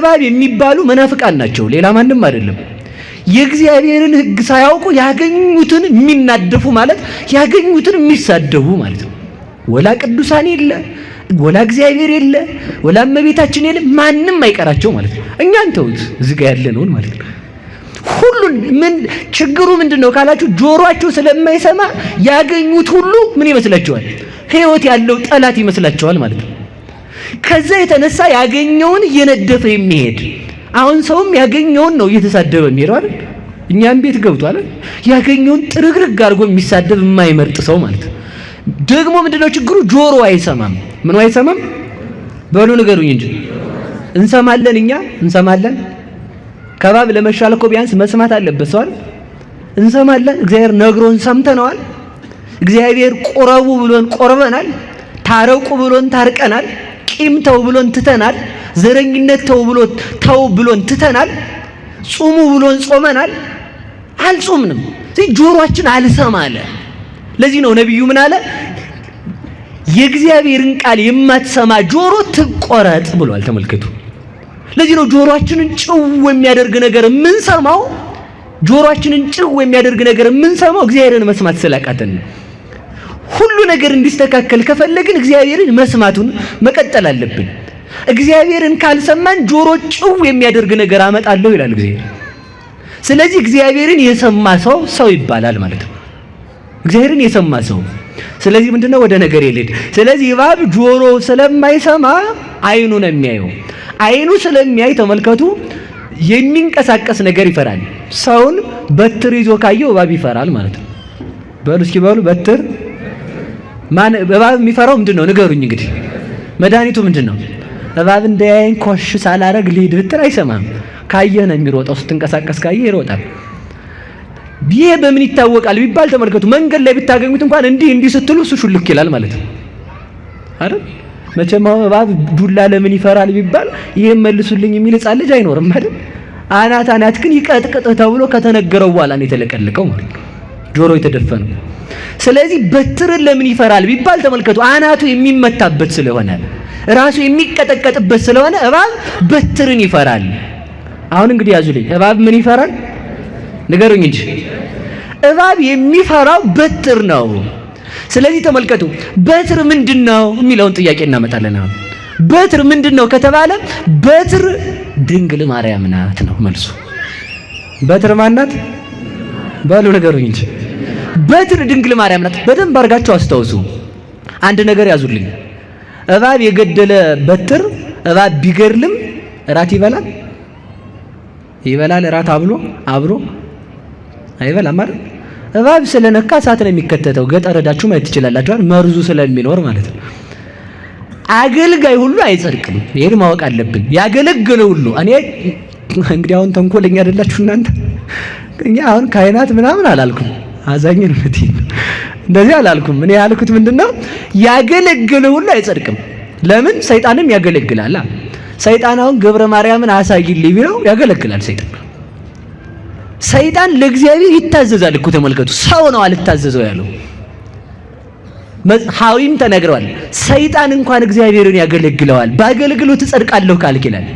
እባብ የሚባሉ መናፍቃን ናቸው፣ ሌላ ማንም አይደለም። የእግዚአብሔርን ሕግ ሳያውቁ ያገኙትን የሚናደፉ ማለት ያገኙትን የሚሳደቡ ማለት ነው። ወላ ቅዱሳን የለ ወላ እግዚአብሔር የለ ወላ እመቤታችን የለ ማንም አይቀራቸው ማለት ነው። እኛን ተውት፣ እዚህ ጋር ያለነውን ማለት ነው። ሁሉን ምን ችግሩ ምንድን ነው ካላችሁ፣ ጆሮአችሁ ስለማይሰማ ያገኙት ሁሉ ምን ይመስላችኋል ህይወት ያለው ጠላት ይመስላችኋል ማለት ነው። ከዛ የተነሳ ያገኘውን እየነደፈ የሚሄድ አሁን ሰውም ያገኘውን ነው እየተሳደበ የሚሄደው አይደል? እኛም ቤት ገብቷል። ያገኘውን ጥርግርግ አድርጎ የሚሳደብ የማይመርጥ ሰው ማለት ነው። ደግሞ ምንድነው ችግሩ? ጆሮ አይሰማም። ምን አይሰማም? በሉ ንገሩኝ እንጂ እንሰማለን። እኛ እንሰማለን። ከባብ ለመሻል እኮ ቢያንስ መስማት አለበት ሰው አይደል? እንሰማለን። እግዚአብሔር ነግሮን ሰምተነዋል። እግዚአብሔር ቆረቡ ብሎን ቆርበናል። ታረቁ ብሎን ታርቀናል። ቂም ተው ብሎን ትተናል። ዘረኝነት ተው ብሎ ተው ብሎን ትተናል። ጹሙ ብሎን ጾመናል። አልጾምንም። ጆሮአችን አልሰማ አለ። ለዚህ ነው ነቢዩ ምን አለ? የእግዚአብሔርን ቃል የማትሰማ ጆሮ ትቆረጥ ብሏል። ተመልከቱ። ለዚህ ነው ጆሮአችንን ጭው የሚያደርግ ነገር የምንሰማው ጆሮአችንን ጭው የሚያደርግ ነገር የምንሰማው እግዚአብሔርን መስማት ስላቃተን ነው። ሁሉ ነገር እንዲስተካከል ከፈለግን እግዚአብሔርን መስማቱን መቀጠል አለብን። እግዚአብሔርን ካልሰማን ጆሮ ጭው የሚያደርግ ነገር አመጣለሁ ይላል እግዚአብሔር። ስለዚህ እግዚአብሔርን የሰማ ሰው ሰው ይባላል ማለት ነው። እግዚአብሔርን የሰማ ሰው ስለዚህ ምንድነው ወደ ነገር የሌድ ስለዚህ እባብ ጆሮ ስለማይሰማ አይኑ ነው የሚያየው። አይኑ ስለሚያይ ተመልከቱ፣ የሚንቀሳቀስ ነገር ይፈራል። ሰውን በትር ይዞ ካየው እባብ ይፈራል ማለት ነው። በሉ እስኪ በሉ በትር ማን እባብ የሚፈራው ምንድን ነው ንገሩኝ። እንግዲህ መድኃኒቱ ምንድን ነው? እባብ እንዳያየኝ ኮሽ ሳላረግ ልሂድ ብትል አይሰማም። ካየ ነው የሚሮጠው። ስትንቀሳቀስ ካየ ይሮጣል። ይሄ በምን ይታወቃል ቢባል ተመልከቱ፣ መንገድ ላይ ብታገኙት እንኳን እንዲህ እንዲህ ስትሉ እሱ ሹልክ ይላል ማለት ነው አይደል? መቼም አሁን እባብ ዱላ ለምን ይፈራል ቢባል ይሄን መልሱልኝ የሚል ሕፃን ልጅ አይኖርም አይደል? አናት አናት ግን ይቀጥቅጥ ተብሎ ከተነገረው በኋላ ነው የተለቀለቀው ማለት ነው ጆሮ የተደፈነው። ስለዚህ በትርን ለምን ይፈራል ቢባል ተመልከቱ፣ አናቱ የሚመታበት ስለሆነ ራሱ የሚቀጠቀጥበት ስለሆነ እባብ በትርን ይፈራል። አሁን እንግዲህ ያዙልኝ፣ እባብ ምን ይፈራል ንገሩኝ እንጂ እባብ የሚፈራው በትር ነው። ስለዚህ ተመልከቱ፣ በትር ምንድን ነው የሚለውን ጥያቄ እናመጣለን። አሁን በትር ምንድን ነው ከተባለ በትር ድንግል ማርያም ናት ነው መልሱ። በትር ማናት በሉ ንገሩኝ እንጂ በትር ድንግል ማርያም ናት። በደንብ አድርጋችሁ አስታውሱ። አንድ ነገር ያዙልኝ። እባብ የገደለ በትር እባብ ቢገድልም እራት ይበላል ይበላል። እራት አብሎ አብሮ አይበላም አይደል? እባብ ስለነካ እሳት ነው የሚከተተው። ገጠር ሄዳችሁ ማየት ትችላላችሁ። መርዙ ስለሚኖር ማለት ነው። አገልጋይ ሁሉ አይጸድቅም። ይሄን ማወቅ አለብን። ያገለገለ ሁሉ እኔ እንግዲህ አሁን ተንኮለኛ አይደላችሁ እናንተ። እኛ አሁን ካህናት ምናምን አላልኩም። አዛኝን እንደዚህ አላልኩም። እኔ ያልኩት ምንድነው ያገለገለ ሁሉ አይጸድቅም። ለምን ሰይጣንም ያገለግላል። ሰይጣን አሁን ገብረ ማርያምን አሳይልኝ ቢለው ያገለግላል። ሰይጣን ሰይጣን ለእግዚአብሔር ይታዘዛል እኮ ተመልከቱ። ሰው ነው አልታዘዘው ያለው። ሐዊም ተነግረዋል። ሰይጣን እንኳን እግዚአብሔርን ያገለግለዋል። ባገልግሎት እጸድቃለሁ ቃል ኪዳን